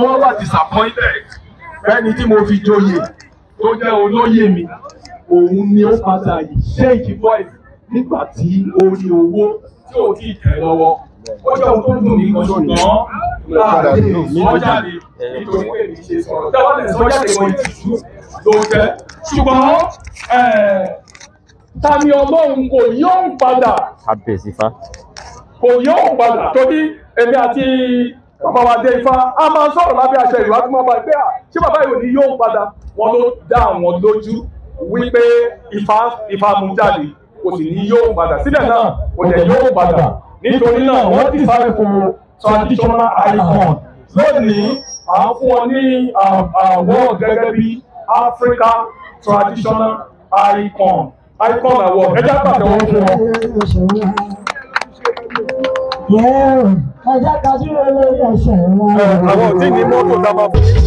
wọ́n wà disappointed ẹni tí mo fi joyè tó jẹ́ olóyè mi òun ni ó padà yìí ṣéèkì boy nígbà tí ó rí owó tí ò tí ì tẹ̀ lọ́wọ́ ó jẹ́ ohun tó dùn mí gan ṣùgbọ́n láàrin sọ́jáde nítorí pé mi ṣe sọ̀rọ̀ dáwọ́ lè sọ́jáde kan ìtìjú ló jẹ́ ṣùgbọ́n tani ọlọ́run kò yóò padà kò yóò padà torí èmi àti bàbá wa dé ifá a máa sọ̀rọ̀ lábẹ́ àṣẹ ìlú àtúmọ̀ bá gbé à ṣé bàbá ìwò ni yóò padà wọn ló dá àwọn lójú wípé ifá ifá mú jáde kò sì ní yóò padà síbẹ̀ náà kò jẹ́ yóò padà nítorí náà wọ́n ti sáré fún traditional icon lónìí à ń fún wọn ní àwọn gẹ́gẹ́ bí Africa traditional icon icon àwọ̀ ẹ̀jẹ̀ pàtẹ́wọ́ fún wọn ẹ jẹ́ ká dúró lórí ẹsẹ̀ wa. àwọn ò tí ì ní mọ́tò tá a máa fún yín.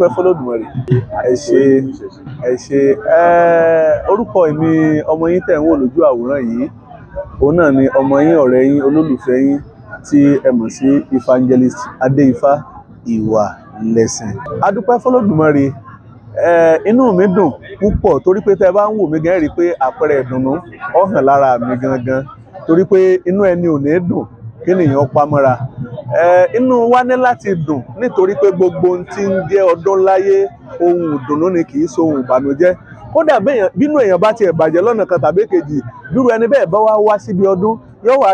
dúpẹ́ fọlọ́dúnmọ́rì ẹ ṣe ẹ ṣe ẹ orúkọ èmi ọmọ yín tẹ̀ ń wò lójú àwòrán yìí òun náà ni ọmọ yín ọ̀rẹ́ yín olólùfẹ́ yín tí ẹ mọ̀ sí evangelist adéifá ìwà lẹ́sìn. a dúpẹ́ fọlọ́dúnmọ́rì ẹ inú mi dùn púpọ̀ torí pé tẹ bá ń wò mí gan rí i pé àpẹẹrẹ ìdùnnú ó hàn lára mi gangan torí pé inú ẹni ò ní dùn kéèyàn pamọ́ra inú wa ní láti dùn nítorí pé gbogbo ohun tí ń jẹ́ ọdún láyé ohun ìdùnnú ni kì so ohun ìbànújẹ́ kódà bínú èèyàn bá tiẹ̀ bàjẹ́ lọ́nà kan tàbí kejì dúró ẹni bẹ́ẹ̀ bá wá wá síbi ọdún yóò wá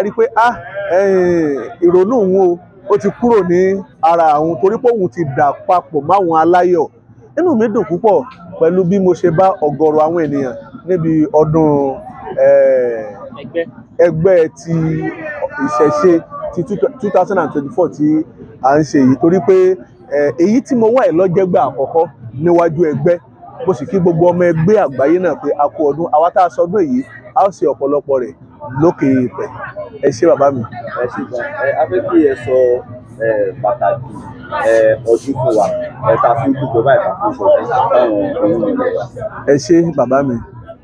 ah, ti kúrò ní ara torí pé òun ti dà papọ̀ máwọn aláyọ̀ inú mi dùn púpọ̀ pẹ̀lú bí mo ṣe bá ọ̀gọ̀rọ̀ àwọn ènìyàn níbi ọdún ẹgbẹ́ ẹgbẹ́ ti ìṣẹ̀ṣe ti two thousand and twenty-four tí à ń ṣe yìí torí pé èyí tí mo wà lọ́jẹ́gbẹ́ àkọ́kọ́ níwájú ẹgbẹ́ mo kí gbogbo ọmọ ẹgbẹ́ àgbáyé náà pé a kú ọdún àwa tá a sọdún èyí a ó ṣe ọ̀pọ̀lọpọ̀ rẹ̀ lókè ìpẹ́ ẹ bàbá mi. ẹ ẹ afẹ́kí ẹ sọ pàtàkì ọdún fún wa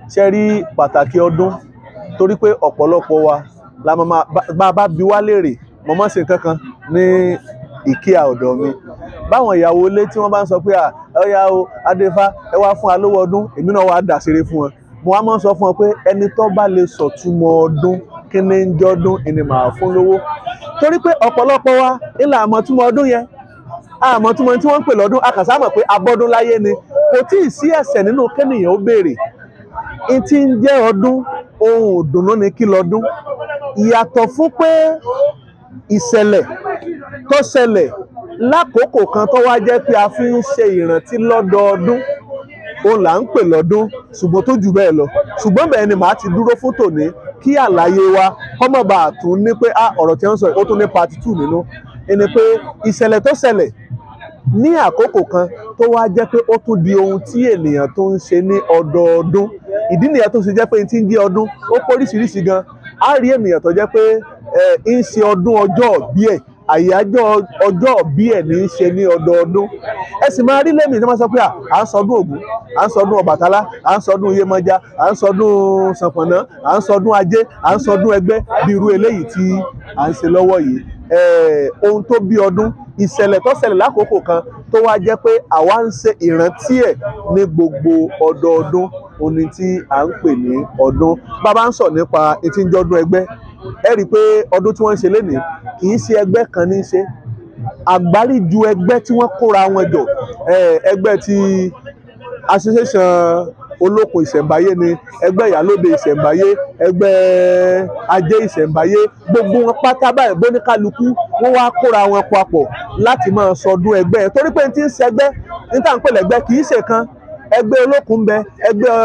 ẹ ta fún torí pé ọ̀pọ̀lọpọ̀ wa la máa bá a bá bi wá léèrè mo mọ̀ ṣe nǹkan kan ní ìkíà ọ̀dọ̀ mi báwọn ìyàwó ilé tí wọ́n bá ń sọ pé ọ̀yà o adéfá ẹ wá fún alówó ọdún èmi náà wàá dà ṣeré fún wọn mo wá máa ń sọ fún ọ pé ẹni tó bá lè sọ̀túnmọ̀ ọdún kí ni ń jọ́dún ni màá fún lówó torí pé ọ̀pọ̀lọpọ̀ wa ilà àmọ̀túnmọ̀ ọdún yẹn àmọ̀túnmọ̀ tí wọ́n ń pè lọ́dún akàsámọ̀ pé abọ́dún láyé ni kò tí ì sí ẹ̀ṣẹ̀ nínú kẹ́nìyàn ó béèrè n ń jẹ́ ọdún ohun ìdùnnú ni kí lọ́dún ìyàtọ̀ fún pé ìṣẹ̀lẹ̀ tó ṣẹlẹ̀ lákòókò kan tó wá jẹ́ pé a fi ń ṣe ìrántí lọ́dọọdún òun là ń pè lọ́dún ṣùgbọ́n tó jù bẹ́ẹ̀ lọ ṣùgbọ́n bẹ́ẹ̀ ni màá ti dúró fún tòní kí àlàyé wa kọ́mọ̀ bá a tún ní pé a ah, ọ̀rọ̀ tí wọ́n sọ ó tún ní part two nínú ẹni pé ìṣẹ̀lẹ̀ tó ṣẹlẹ̀ ní àkókò kan tó wá jẹ́ pé ó tún di ohun tí ènìyàn tó ń ṣe ní ọdọọdún ìdí nìyẹn tó ṣe jẹ́ pé ti ń jẹ́ ọdún ó pọ̀ oríṣiríṣi gan á rí ènìyàn tó jẹ́ pé ń ṣe ọdún ọjọ́ bí ẹ̀ àyájọ́ ọjọ́ bí ẹ̀ ní í ṣe ní ọdọọdún ẹ sì máa rí lẹ́mìí tí wọ́n sọ pé à ń sọdún Ògún à ń sọdún Ọbàtálá à ń sọdún Iyemọja à ń sọdún Ṣànpọ̀nná à ń sọdún Ajé à ń sọdún Ẹgbẹ́ bí irú eléyìí tí à ń ṣe lọ́wọ́ yìí Eh, ohun tó bí ọdún ìṣẹ̀lẹ̀ tó ṣẹlẹ̀ lákòókò kan tó wá jẹ́ pé àwa ń ṣe ìrántí ẹ̀ ní gbogbo ọdọọdún oní tí à ń pè ní ọdún bàbá ń sọ nípa etí ń jọdún ẹgbẹ́ ẹ rí i pé ọdún tí wọ́n ń ṣe lénìí kì í ṣe ẹgbẹ́ kan ní í ṣe àgbáríju ẹgbẹ́ tí wọ́n kóra wọn jọ eh, ẹgbẹ́ ti association olókun ìṣẹ̀ǹbáyé ni ẹgbẹ́ ìyálóde ìṣẹ̀ǹbáyé ẹgbẹ́ ajé ìṣẹ̀ǹbáyé gbogbo wọn pátá báyìí bóníkálukú wọn wá kóra wọn papọ̀ láti máa sọdún ẹgbẹ́ yẹn torí pé n ti ń ṣẹgbẹ́ n tà ń pè lẹ́gbẹ́ kì í ṣe kan ẹgbẹ́ olókun ń bẹ ẹgbẹ́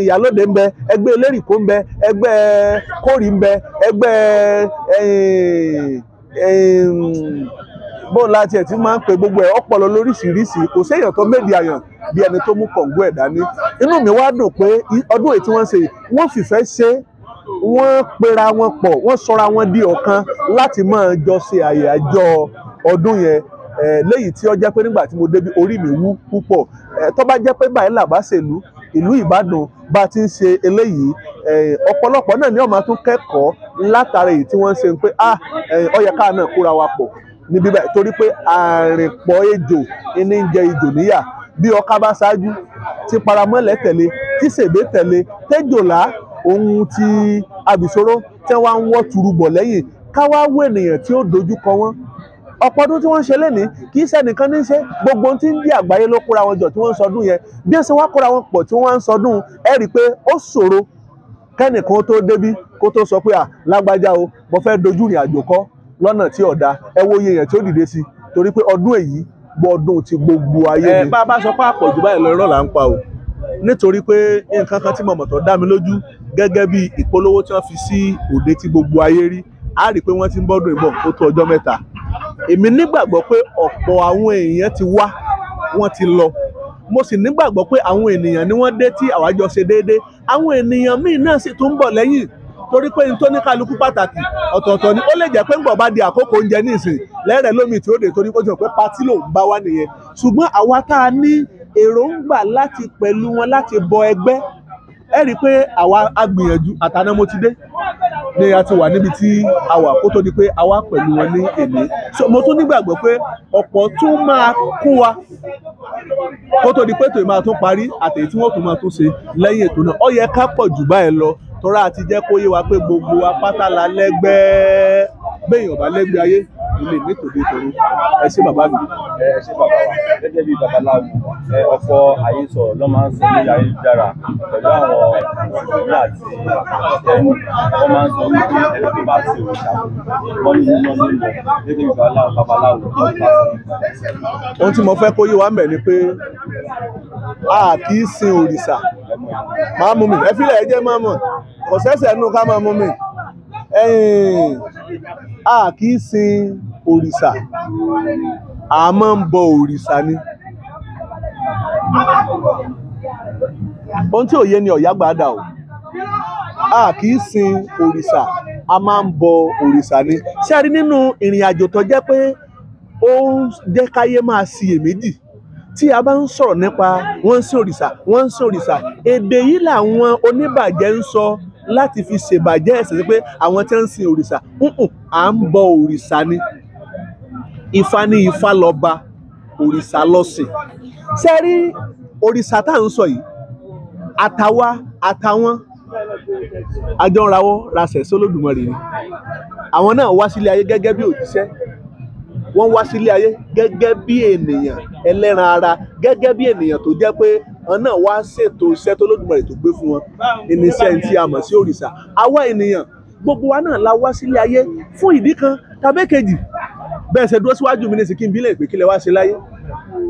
ìyálóde ń bẹ ẹgbẹ́ elérìkó ń bẹ ẹgbẹ́ kórì ń bẹ ẹgbẹ́ bó láti ẹ̀ tí máa ń pe gbogbo ẹ̀ ọpọlọ lóríṣiríṣi kò séèyàn tó méjì àyàn bí ẹni tó mú kọ̀ǹgó ẹ̀ dání inú mi wá dùn pé ọdún èyí tí wọ́n ṣe wọ́n fìfẹ́ ṣe wọ́n pera wọn pọ̀ wọ́n sọra wọn di ọ̀kan láti máa jọ ṣe àyájọ́ ọdún yẹn léyìí tí ó jẹ́ pé nígbà tí mo débi orí mi wú púpọ̀ tó bá jẹ́ pé báyìí làbá ṣèlú ìlú Ìbàdàn bá ti ń ṣe eléyìí ọ̀pọ̀lọpọ̀ náà ni ó máa tún kẹ́kọ̀ọ́ látara èyí tí wọ́n ń ṣe pé ah, ó náà kóra wa pọ̀ ní bíbá torí pé àrìnpọ̀ ejò ní ń jẹ ejò níyà bí ọká bá ṣáájú tí paramọ́lẹ̀ tẹ̀lé tí sèbé tẹ̀lé tẹ́jọ̀lá ohun ti àbìsóró tẹ́ wá ń wọ́ turubọ̀ lẹ́yìn káwá wọ ènìyàn tí ó dojú kọ wọ́n ọ̀pọ̀ ọdún tí wọ́n ń ṣe lẹ́nìí kì í ṣẹ́nìkan ní ṣe gbogbo ohun tí ń di àgbáyé ló kóra wọn jọ tí wọ́n ń sọdún yẹn bí ẹsẹ̀ wá kóra wọn pọ̀ tí wọ́n ń sọdún ẹ rí i pé ó ṣòro kẹ́nìkan tó débí kó tó sọ pé à lágbájá o mo fẹ́ dojú ìrìn àjò kọ́ lọ́nà tí ọ̀dà ẹ wo yẹn tí ó dìde sí torí pé ọdún èyí gbọ́ ti gbogbo ayé ni. ẹ bá a bá sọ pé àpọ̀jù báyìí lọ irọ́ là ń pa o nítorí pé nǹkan kan tí mo dá mi lójú gẹ́gẹ́ bí ìpolówó tí wọ́n fi sí òde tí gbogbo ayé rí a rí i pé wọ́n ti ń bọ́dún ìbọ̀ ó tó ọjọ́ mẹ́ta èmi nígbàgbọ́ pé ọ̀pọ̀ àwọn èèyàn ti wá wọ́n ti lọ mo sì nígbàgbọ́ pé àwọn ènìyàn ni wọ́n dé tí àwájọ ṣe déédéé àwọn ènìyàn míì náà sì tún ń bọ̀ lẹ́yìn torí pé n tó ní kálukú pàtàkì ọ̀tọ̀ọ̀tọ̀ ni ó lè jẹ́ pé ń bọ̀ bá di àkókò oúnjẹ ní ìsìn lẹ́rẹ̀ lómi tí ó dé torí pé ó ti hàn pé patí ló ń bá wá nìyẹn ṣùgbọ́n àwa tá a ní èròǹgbà láti pẹ̀lú wọn láti bọ ẹgbẹ́ ẹ rí i pé àwa agbìyànjú àtàná mo ti dé ni a ti wà níbi tí a wà kó tó di pé a wá pẹ̀lú wọn ní èmi so mo tún nígbàgbọ́ pé ọ̀pọ̀ tún máa kún wa kó tó di pé tòun máa tún parí àtẹ̀yí tí wọ́n tún máa tún ṣe lẹ́yìn ètò náà ó yẹ ká pọ̀ jù báyìí lọ tọ́ra àti jẹ́ kó yé wa pé gbogbo apáta la lẹ́gbẹ́ẹ́ béèyàn bá lẹ́gbẹ́ ayé ilé nítòdé tòru ẹ ṣé bàbá mi. ẹ ṣé bàbá wa gẹ́gẹ́ bí babaláwo ẹ ọ̀fọ̀ àyesọ ló máa ń sọ ní ayélujára pẹ̀lú àwọn ìṣòro àti ìṣẹ́nu wọ́n máa ń sọ ní pé ẹni tó bá ṣe òòṣà wọ́n ní iná nílò gẹ́gẹ́ bí babaláwo kí wọ́n bá ṣe. ohun tí mo fẹ́ kó yé wa ń ni pé a kì í sin òrìṣà máa mi ẹ fílẹ̀ ẹ jẹ́ máa kò sẹ́sẹ̀ nù ká máa mú mi a kì í sin òrìṣà a máa ń bọ òrìṣà ni ohun tí òye ni ọ̀yá gbàdà o a kì í sin òrìṣà a máa ń bọ òrìṣà ni ṣé rí nínú ìrìn àjò tó jẹ́ pé ó ń jẹ́ káyé máa ṣiyèméjì tí a bá ń sọ̀rọ̀ nípa wọ́n ń sin òrìṣà wọ́n ń sin òrìṣà èdè yìí làwọn oníbàjẹ́ ń sọ. So láti fi ṣèbàjẹ́ ẹ̀sìn sí pé àwọn tí ń sin òrìṣà à ń bọ òrìṣà ni ifá ní ifá lọ́ba òrìṣà lọ́sìn ṣe òrìṣà tá à ń sọ yìí àtàwa àtàwọn àjọ ń rawọ́ rasẹ̀ sólódùmarè ni àwọn náà wá sílé ayé gẹ́gẹ́ bí òjíṣẹ́ wọ́n wá sílé ayé gẹ́gẹ́ bí ènìyàn ẹlẹ́ran ara gẹ́gẹ́ bí ènìyàn tó jẹ́ pé wọn náà wá ṣètò iṣẹ́ tó lódùmarè tó gbé fún wọn ìníṣẹ́ tí a mọ̀ sí òrìṣà àwa ènìyàn gbogbo wa náà la wá sílé ayé fún ìdí kan tàbí kejì bẹ́ẹ̀ ṣe dúró síwájú mi ní sí kí n bí lè pé kí lẹ wá ṣe láyé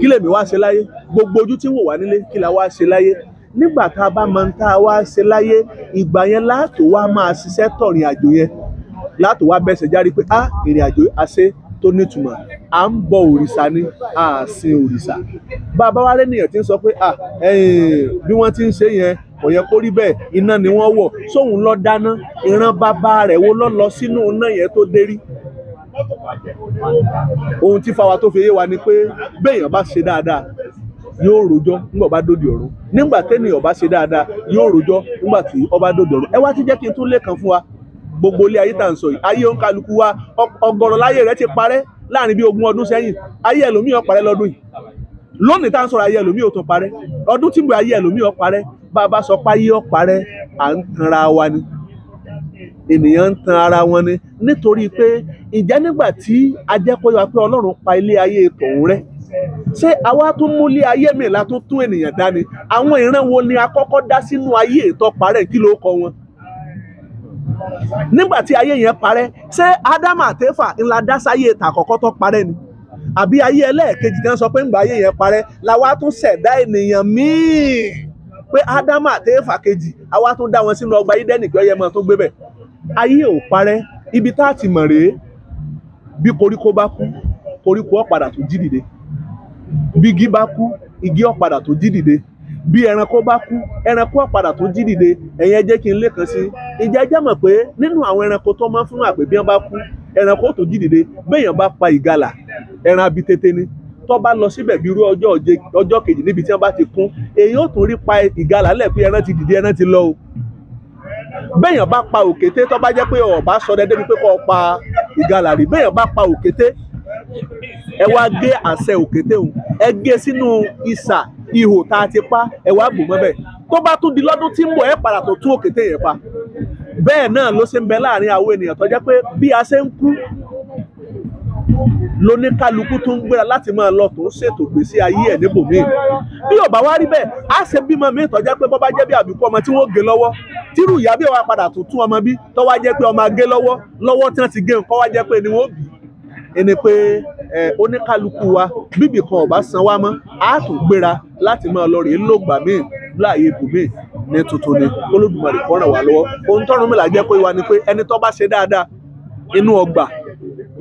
kí lèmi wá ṣe láyé gbogbo ojú tí ń wò wá nílé kí la wá ṣe láyé nígbà tá a bá mọ tá a wá ṣe láyé ìgbà yẹn láàtò wá máa ṣiṣẹ́ tọ̀rìn àjò yẹn láàtò wá bẹ́sẹ̀ járí pé ah ìrìn àjò àṣe tó nítumọ̀ à ń bọ òrìṣà ni à ń sin òrìṣà bá a bá wá rẹ́nìyàn tí ń sọ pé bí wọ́n ti ń ṣe yẹn kò yẹ kó rí bẹ́ẹ̀ iná ni wọ́n wọ̀ sóun lọ dáná ìran bàbá rẹ̀ wo lọ lọ sínú iná yẹn tó dé rí ohun tí fáwa tó fi yé wa ni pé béèyàn bá ṣe dáadáa yóò rojọ́ nígbà bá dòdì ọ̀run nígbà tẹ́nìyàn bá ṣe dáadáa yóò rojọ́ nígbà tí ó dòdì ọ̀run ẹ wá ti jẹ́ kí n tún lẹ́ẹ̀kan fún wa gbogbo ilé ayé tà ń sọ yìí ayé òun kálukú wa ọgọ́rọ̀ láyé rẹ̀ ti parẹ́ láàrin bí ogún ọdún sẹ́yìn ayé ẹlòmíràn parẹ́ lọ́dún yìí lónìí tá à ń sọ̀rọ̀ ayé ẹlòmíràn tó parẹ́ ọdún tí mo ayé ẹlòmíràn parẹ́ bá a bá sọ pé ayé ọ parẹ́ à ń tanra wa ni ènìyàn ń tan ara wọn ni nítorí pé ìjẹ́ nígbà tí ajẹ́kọ̀ọ́ wa pé ọlọ́run pa ilé ayé tòun rẹ́ ṣé àwa tún mú ilé ayé mi la tún tún ènìyàn dání àwọn ìran wo ni a kọ́kọ́ dá sínú ayé ìtọ́ kí ló kọ wọn nígbà tí ayé yẹn parẹ́ ṣé ádámù àtẹ́fà ńlá dá sáyé tàkọ́kọ́ tó parẹ́ ni àbí ayé ẹlẹ́ẹ̀kejì náà sọ pé ńgbà ayé yẹn parẹ́ làwa tún ṣẹ̀dá ènìyàn míì pé ádámù àtẹ́fà kejì àwa tún dá wọn sínú ọgbà ídẹ́nì kí ọyẹ mọ́ tó gbé bẹ̀ ayé ò parẹ́ ibi tá a ti mọ̀ rèé bí koríko bá kú koríko ó padà tó jí dìde bí igi bá kú igi ó tó jí dìde bí ẹranko bá kú ẹranko àpàdà tó jí dìde ẹ̀yin ẹ jẹ́ kí n lè kàn sí i ǹjẹ́ ẹ jẹ́ mọ̀ pé nínú àwọn ẹranko tó máa ń fún àpè bí wọ́n bá kú ẹranko tó jí dìde béèyàn bá pa ìgalà ẹran abitete ni tó bá lọ síbẹ̀ bí irú ọjọ́ kejì níbi tí wọ́n bá ti kún èyí ó tún rí pa ìgalà lẹ́ẹ̀pẹ́ ẹran ti dìde ẹran ti lọ o béèyàn bá pa òkété tó bá jẹ́ pé ọ̀bá sọ ẹ wá gé àṣẹ òkété o ẹ gé e sínú ìsà ihò tá a ti pa ẹwà wá bù mọ́bẹ̀ tó bá tún di lọ́dún tí ń ẹ padà tó tún òkété pa bẹ́ẹ̀ náà ló ṣe ń bẹ láàrin àwọn ènìyàn tó pé bí a ṣe ń kú tó ń gbéra láti máa lọ tó ń ṣètò gbèsè ayé ẹ̀ níbòmíì bí ò bá wá rí bẹ́ẹ̀ á ṣe bímọ mi tó pé bọ́ bá bí àbíkú ọmọ tí lọ́wọ́ tírú ìyá bí oníkálukú wa bíbì kan ọ̀bá san wá mọ́ á tún gbéra láti máa lọ rèé lògbà míì láàyè ibùmíì ní tuntun ni Olódùmarè kó ràn wá lọ́wọ́ ohun tọ́run mi là jẹ́ pé wa ni pé ẹni tó bá ṣe dáadáa inú ọgbà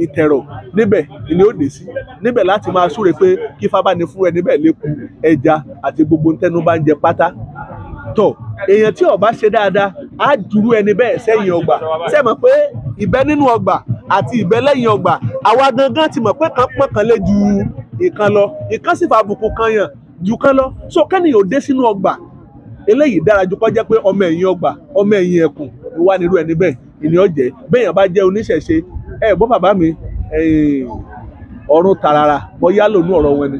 ìtẹ̀rọ̀ níbẹ̀ ni ó dé sí níbẹ̀ láti máa súre pé kí fábá ni fún ẹ níbẹ̀ lẹ́kù ẹja àti gbogbo ntẹ́nu bá ń jẹ pátá tọ̀ èèyàn tí ó bá ṣe dáadáa á dúró ẹni bẹ́ẹ̀ sẹ́yìn ọgbà ṣé mọ̀ pé ìbẹ́ nínú ọgbà àti ìbẹ́lẹ́yìn ọgbà àwa gangan ti mọ̀ pé kan pọ́n kan lé ju ìkan lọ ìkan sì fàbùkù kan yàn ju kan lọ so kẹ́nìyàn ò dé sínú ọgbà eléyìí dára ju jẹ́ pé ọmọ ẹ̀yìn ọgbà ọmọ ẹ̀yìn ẹ̀kùn wà ẹni bẹ́ẹ̀ ènìyàn jẹ́ bá jẹ́ oníṣẹ̀ṣe ẹ bọ́ mi ọ̀run bọ́ yálò ní ọ̀rọ̀ wọn ni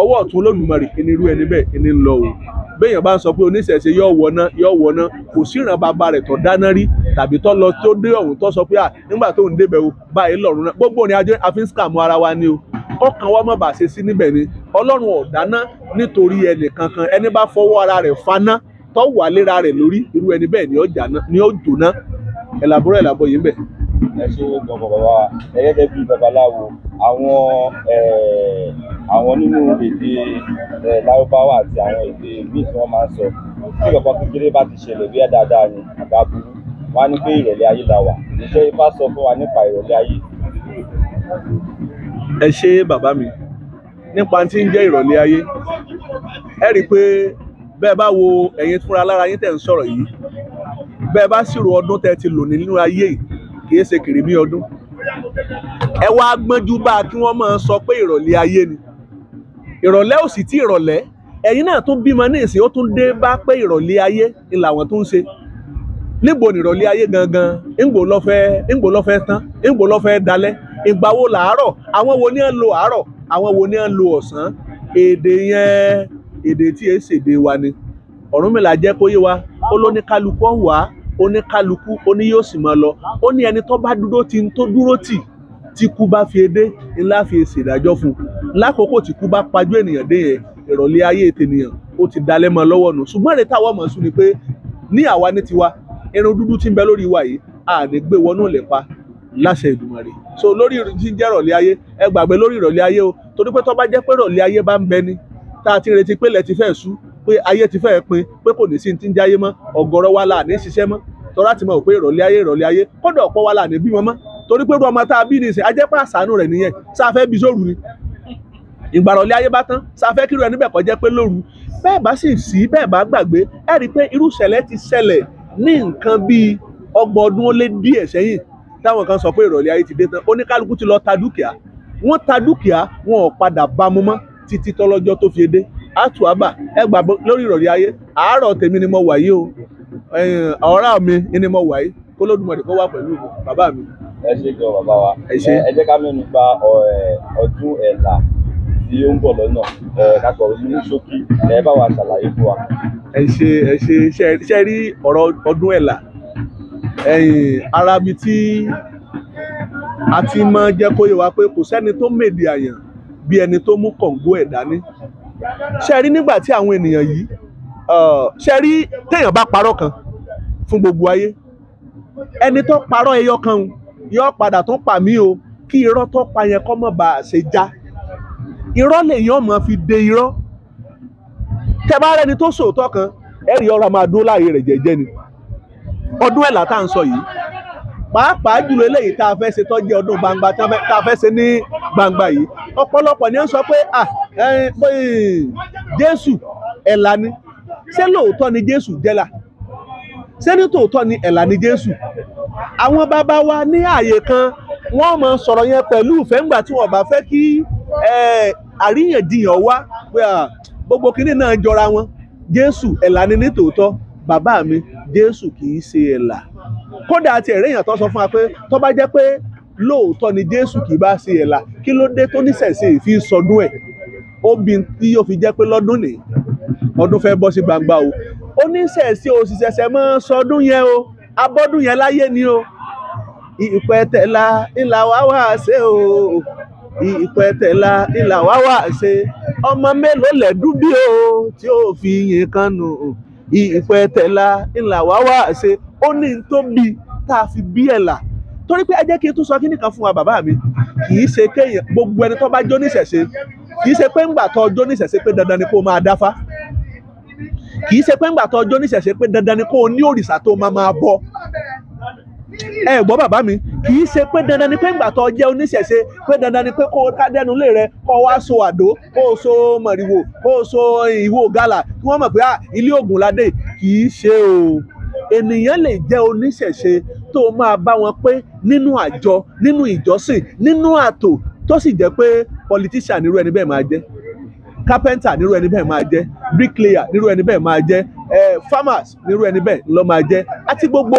ọwọ́ ọ̀tún irú ẹni bẹ́ẹ̀ béèyàn bá ń sọ pé oníṣẹ̀ṣe yoo wọná yóò wọná kò síran bàbá rẹ̀ tabi dáná rí tàbí lọ tó dé ọ̀hún tó sọ pé à nígbà tó ń débẹ̀ o báyìí lọ́rùn náà gbogbo ni ajé àfi ń ara wa ni o ọkàn wa má ṣe sí níbẹ̀ ni ọlọ́run ò dáná nítorí ẹnì kankan ẹni bá fọwọ́ ara rẹ̀ faná tó wà lórí ẹ ṣe é gan bàbá wa ẹ gẹ́gẹ́ bí babaláwo àwọn àwọn nínú èdè lárúbáwá àti àwọn èdè míì tí wọ́n máa ń sọ tí ọ̀pọ̀ kékeré bá ti ṣẹlẹ̀ bí dáadáa ni àbá burú wọ́n á ní pé ìrọ̀lẹ́ ayé la wà ìṣe ifá sọ fún wa nípa ìrọ̀lẹ́ ayé. ẹ ṣe bàbá mi nípa tí ń jẹ́ ìrọ̀lẹ́ ayé ẹ rí i pé bẹ́ẹ̀ bá wo ẹ̀yin fúnra lára yín tẹ̀ ń sọ̀rọ̀ yìí bẹ́ẹ̀ bá sì rò ọdún tẹ́ ti lò nínú ayé yìí kìí ṣe kìrìmí ọdún ẹ wá gbọ́njú bá a kí wọ́n máa sọ pé ìrọ̀lẹ́ ayé ni ìrọ̀lẹ́ ò sì tí ìrọ̀lẹ́ ẹ̀yin náà tún bímọ ní ìsìn ó tún dé bá pé ìrọ̀lẹ́ ayé ni làwọn tún ń ṣe níbo ni ìrọ̀lẹ́ ayé gangan ńgbò ló fẹ́ ńgbò ló fẹ́ tán ńgbò ló fẹ́ dalẹ́ ìgbà wo làárọ̀ àwọn wo ni à ń lo àárọ̀ àwọn wo ni à ń lo ọ̀sán èdè yẹn èdè tí èsèdè wa ni Ọ̀rúnmìlà jẹ́ kó yé wa ó ló ní kálukú wàá oníkálukú ó ní yóò sì máa lọ ó ní ẹni tó bá dúró ti ń tó dúró tì tí kú bá fi edé ńlá fi ṣèdájọ́ fún lákòókò tí kú bá pajú ènìyàn dé yẹn ìrọ̀lẹ́ ayé ètènìyàn ó ti dalẹ̀ mọ́ lọ́wọ́ nù ṣùgbọ́n rẹ̀ táwọn mọ̀ sùn ni pé ní àwa ní tiwa irun dúdú tí ń bẹ lórí wa yìí a lè gbé wọnú lè pa láṣẹ Èdùmàrè so lórí tí ń jẹ́ ìrọ̀lẹ́ ayé ẹ gbàgbé lórí ìrọ̀lẹ́ ayé o torí pé tó bá jẹ́ pé ìrọ̀lẹ́ ayé bá ń bẹ ni tá a ti retí pé lẹ́ ti fẹ́ sú pé ayé ti fẹ́ pin pé kò ní sí ti ń jáyé mọ́ ọ̀gọ̀rọ̀ wa là ní ṣiṣẹ́ mọ́ tọ́lá ti mọ̀ pé ìrọ̀lẹ́ ayé ìrọ̀lẹ́ ayé kọ́dọ̀ ọ̀pọ̀ wa là bímọ mọ́ torí pé ọmọ tá a bí ní ìsìn ajẹ́ pé àṣàánú rẹ̀ nìyẹn sáà fẹ́ bí sóòrù ni ìgbàrọ̀lẹ́ ayé bá tán sáà fẹ́ kírun ẹni bẹ́ẹ̀ kọjá pé lóru bẹ́ẹ̀ bá sì sí bẹ́ẹ̀ bá gbàgbé ẹ̀ rí i pé irú ìṣẹ̀lẹ̀ ti ṣẹlẹ̀ ní nǹkan bíi ọgbọ̀n ọdún ó lé díẹ̀ sẹ́yìn táwọn kan sọ pé ìrọ̀lẹ́ ayé ti dé tán oníkálukú ti lọ ta dúkìá wọ́n ta dúkìá wọn ò padà bá mu mọ́ títí tọ́lọ́jọ́ tó fi dé àtúwábà ẹ gbà lórí ìrọ̀rí ayé àárọ̀ tèmi ni mo wà yìí o ọ̀rá mi ni mo wà yìí kó lódùmarè kó wà pẹ̀lú bàbá mi. ẹ ṣe gan bàbá wa ẹ jẹ́ ká mẹ́nu bà ọdún ẹ̀là tí ó ń bọ̀ lọ́nà kakọ̀ ní ṣókí ẹ bá wa ṣàlàyé fún wa. ẹ ṣe ẹ ṣe ṣe rí ọ̀rọ̀ ọdún ẹ̀là ara mi tí a ti máa jẹ́ kó yẹ wa pé kò sẹ́ni tó mèdè àyàn bí ẹni tó mú kọ̀ǹgó ẹ̀ dání ṣe rí nígbà tí àwọn ènìyàn yìí uh, ṣe rí téèyàn bá parọ́ kan fún gbogbo ayé ẹni tó parọ́ ẹyọ kan yóò padà tó pa mí o kí irọ́ tó pa yẹn kọ́ mọ̀ bá a ṣe já irọ́ lèyàn mọ̀ fi de irọ́ tẹ bá rẹni tó sòótọ́ kan ẹ̀rí ọ̀rọ̀ máa láàyè rẹ̀ jẹ́jẹ́ ni ọdún ẹ̀là tá à ń sọ yìí pàápàá jùlọ eléyìí tá a fẹ́ ṣe tọ́jú ọdún gbangba tá a fẹ́ ṣe ní gbangba yìí ọ̀pọ̀lọpọ̀ ni ó ń sọ pé à jésù ẹ̀là ni ṣé lóòótọ́ ni jésù jẹ́là ṣé ní tòótọ́ ni ẹ̀là ni jésù àwọn bàbá wa ní ààyè kan wọ́n máa sọ̀rọ̀ yẹn pẹ̀lú ìfẹ́ ńgbà tí wọ́n bá fẹ́ kí àríyànjiyàn wá pé gbogbo kinní náà jọra wọn jésù ẹ̀là ni ní tòótọ́ bàbá mi jésù kì í ṣe ẹ̀là kódà àti ẹ̀rẹ́ èèyàn tó sọ fún wa pé tó bá jẹ́ pé lóòótọ́ ni jésù kì í bá ṣe ẹ̀la kí ló dé tó nísẹ̀sì fi sọdún ẹ̀ ó bi tí yóò fi jẹ́ pé lọ́dún ni ọdún fẹ́ bọ́ sí gbangba o ó nísẹ̀sì o sì sọdún yẹn o abọ́dún yẹn láyé ni o ìpẹ̀tẹ̀lá ńlá wá wá ṣe o ìpẹ̀tẹ̀lá ńlá wá wá ṣe ọmọ mélòó lẹ́dún bí o tí ó fi yìn kánú ìpẹ̀tẹ̀lá ńlá wá wá ṣe ó ní n tó bí tá a fi bí ẹ̀là torí pé ẹ kí n tún sọ kíní kan fún wa bàbá mi kì í ṣe kéèyàn gbogbo ẹni tó bá jó níṣẹ̀ṣe kì í ṣe pé ńgbà tó jó níṣẹ̀ṣe pé dandan ni kó máa dáfá kì í ṣe pé ńgbà tó jó níṣẹ̀ṣe pé dandan ni kó o ní òrìṣà tó máa máa bọ ẹ gbọ́ bàbá mi kì í ṣe pé dandan ni pé ńgbà tó jẹ́ oníṣẹ̀ṣe pé dandan ni pé kó o ká dẹnu lé rẹ kó o wá so àdó kó o so mọ̀rìwò kó o so ìwò gálà kí wọ́n mọ̀ pé ah, ilé ògùn ládé kì í ṣe o ènìyàn lè jẹ́ oníṣẹ̀ṣe tó máa bá wọn pé nínú àjọ nínú ìjọsìn nínú ààtò tó sì jẹ́ pé politician nírú ẹni bẹ́ẹ̀ máa jẹ́ carpenter nírú ẹni bẹ́ẹ̀ máa jẹ́ bricklayer nírú ẹni bẹ́ẹ̀ máa jẹ́ farmers nírú ẹni bẹ́ẹ̀ ló máa jẹ́ àti gbogbo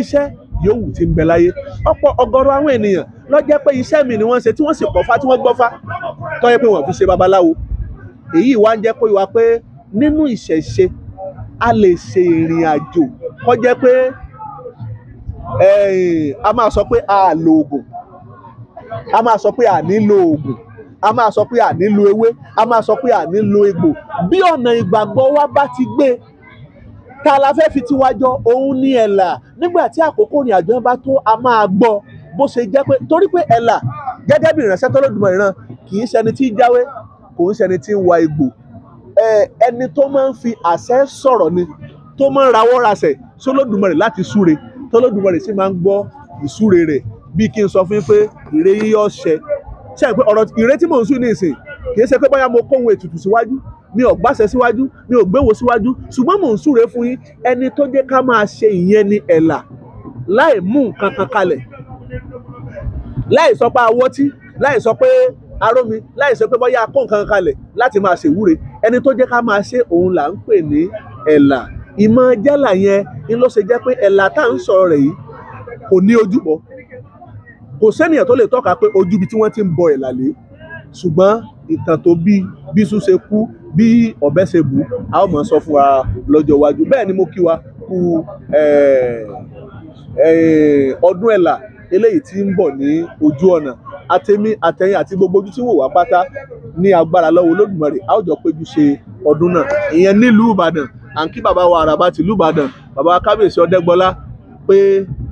iṣẹ́ yòówù tí ń bẹ láyé ọ̀pọ̀ ọ̀gọ̀rọ̀ àwọn ènìyàn ló jẹ́ pé iṣẹ́ mi ni wọ́n ṣe tí wọ́n sì kọ́fá tí wọ́n gbọ́fá tó yẹ pé wọ́n fi ṣe babaláwo èyí wá ń jẹ́ kó wá pé nínú ìṣẹ̀ṣe a lè ṣe ìrìn àjò kó jẹ́ pé a máa sọ pé a lo oògùn a máa sọ pé a nílò oògùn a máa sọ pé a nílò ewé a máa sọ pé a nílò egbò bí ọ̀nà ìgbàgbọ́ wa bá ti gbé tá a la fẹ́ fi tiwa òun ni ẹ̀là nígbà tí àkókò ìrìn àjò yẹn bá tó a máa gbọ́ bó ṣe jẹ́ pé torí pé ẹ̀là gẹ́gẹ́ bí ìránṣẹ́ tọ́lọ́dúnmọ̀ ìran kì í ṣẹni tí ń jáwé kò ń ṣẹni tí ń wa egbò ẹni tó máa ń fi àṣẹ sọ̀rọ̀ ni tó máa ń rawọ́ rasẹ̀ sólódùmarè láti súre tólódùmarè sì máa ń gbọ́ ìsúre rẹ̀ bíi kí n sọ fún yín pé ìre yíyọ́ ṣẹ ṣe pé ọ̀rọ̀ ìre tí mò ń sùn ní ìsìn kì í ṣe pé bóyá mo kóhun ètùtù síwájú mi ò gbàṣẹ síwájú mi ò gbéwò síwájú ṣùgbọ́n mò ń súre fún yín ẹni tó jẹ́ ká máa ṣe ìyẹn ni ẹ̀là láì mú nǹkan kan kalẹ̀ láì sọ pé awọ́tí láì sọ pé arómi láì sọ pé bóyá akó nǹkan kalẹ̀ láti máa ṣèwúre ẹni tó jẹ́ ká máa ṣe òun là ń pè ní ẹ̀là ìmọ̀ jálà yẹn ni ló ṣe jẹ́ pé ẹ̀là tá à ń sọ̀rọ̀ rẹ̀ yìí kò ní ojúbọ kò sẹ́niyàn tó lè tọ́ka pé ojú ibi tí wọ́n ti ń bọ ẹ̀là lé ṣùgbọ́n ìtàn tó bí bísú ṣe kú bí ọ̀bẹ ṣe bù a ó mọ̀ sọ fún wa lọ́jọ́ iwájú bẹ́ẹ̀ ni mo kí wa kú ọdún ẹ̀là eléyìí tí ń bọ̀ ní ojú ọ̀nà àtẹ̀mí àtẹ̀yìn àti gbogbo ojú tí wò wá pátá ní agbára lọ́wọ́ olódùmarè a ó jọ péjú ṣe ọdún náà ìyẹn nílùú ìbàdàn à ń kí bàbá wa àràbà tìlú ìbàdàn bàbá wa kábíyèsí ọdẹgbọlá pé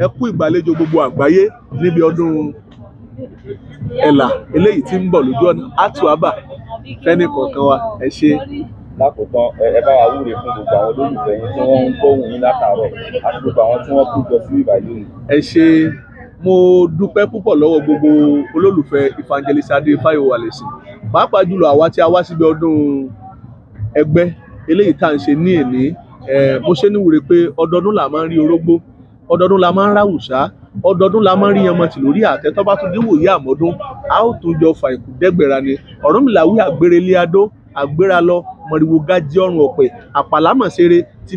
ẹ kú ìgbàlejò gbogbo àgbáyé níbi ọdún ẹ̀là eléyìí tí ń bọ̀ lójú ọ̀nà àtúwábà fẹ́ni kọ̀ọ̀kan wa ẹ ṣe lákòótán ẹ bá wa wúre fún gbogbo àwọn olólùfẹ́ yín tí wọ́n ń gbóhùn yín látàárọ̀ àti gbogbo àwọn tí wọ́n kú jọ sí ìbàdàn. ẹ ṣe mo dúpẹ́ púpọ̀ lọ́wọ́ gbogbo olólùfẹ́ evangelist adéfáyò wàlẹ̀sìn pàápàá jùlọ àwa tí a wá síbi ọdún ẹgbẹ́ eléyìí tá à ń ṣe ní èní mo ṣe níwúre pé ọdọọdún la máa ń rí orógbó ọdọọdún la máa ń ráwùsá ọdọọdún la máa ń rí yanmọtì lórí àtẹ tó bá tún dín wòye àmọdún a ó tún jọ fà ìkú dẹgbẹra ni Ọ̀rúnmìlà wí àgbérelé adó àgbéra lọ mọ̀rìwò gájí ọrùn ọ̀pẹ àpàlámọ̀ṣeré tí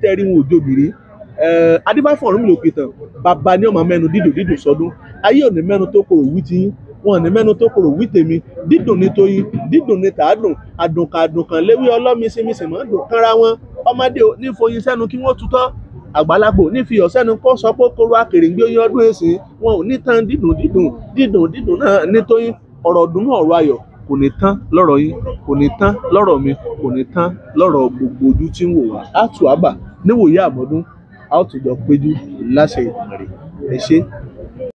tẹ́rí wọn òjòbìrí Eh, adébáfọ̀ ọ̀run mi lò pìtàn bàbá ni ọmọ mẹ́nu dídùn dídùn sọdún ayé òní mẹ́nu tó korò wí ti yín wọn ní mẹ́nu tó korò wí tèmi dídùn ní toyin dídùn ní tàádùn àdùnkàdùn kan léwé ọlọ́mísìmísì mọ́ dùn kánra wọn ọmọdé ní foyin sẹ́nu kí wọ́n tutọ́ àgbàlagbò nífìyọ̀ sẹ́nu kó sọ pé kóró akèrèǹgbé oyin ọdún èsìn wọn ò ní tán dídùn dídùn dídùn dídùn náà ní toyin ọ̀rọ̀ ọ̀dùnú ọ̀rọ̀ ayọ̀ kò ní tán lọ́rọ̀ yín kò ní tán lọ́rọ̀ mi kò ní tán lọ́rọ̀ gbogbo ojú tí ń wò wá á tù á bà níwòye àmọ́dún a ó tún jọ péjú láṣẹ Èdùmàrè ẹ ṣé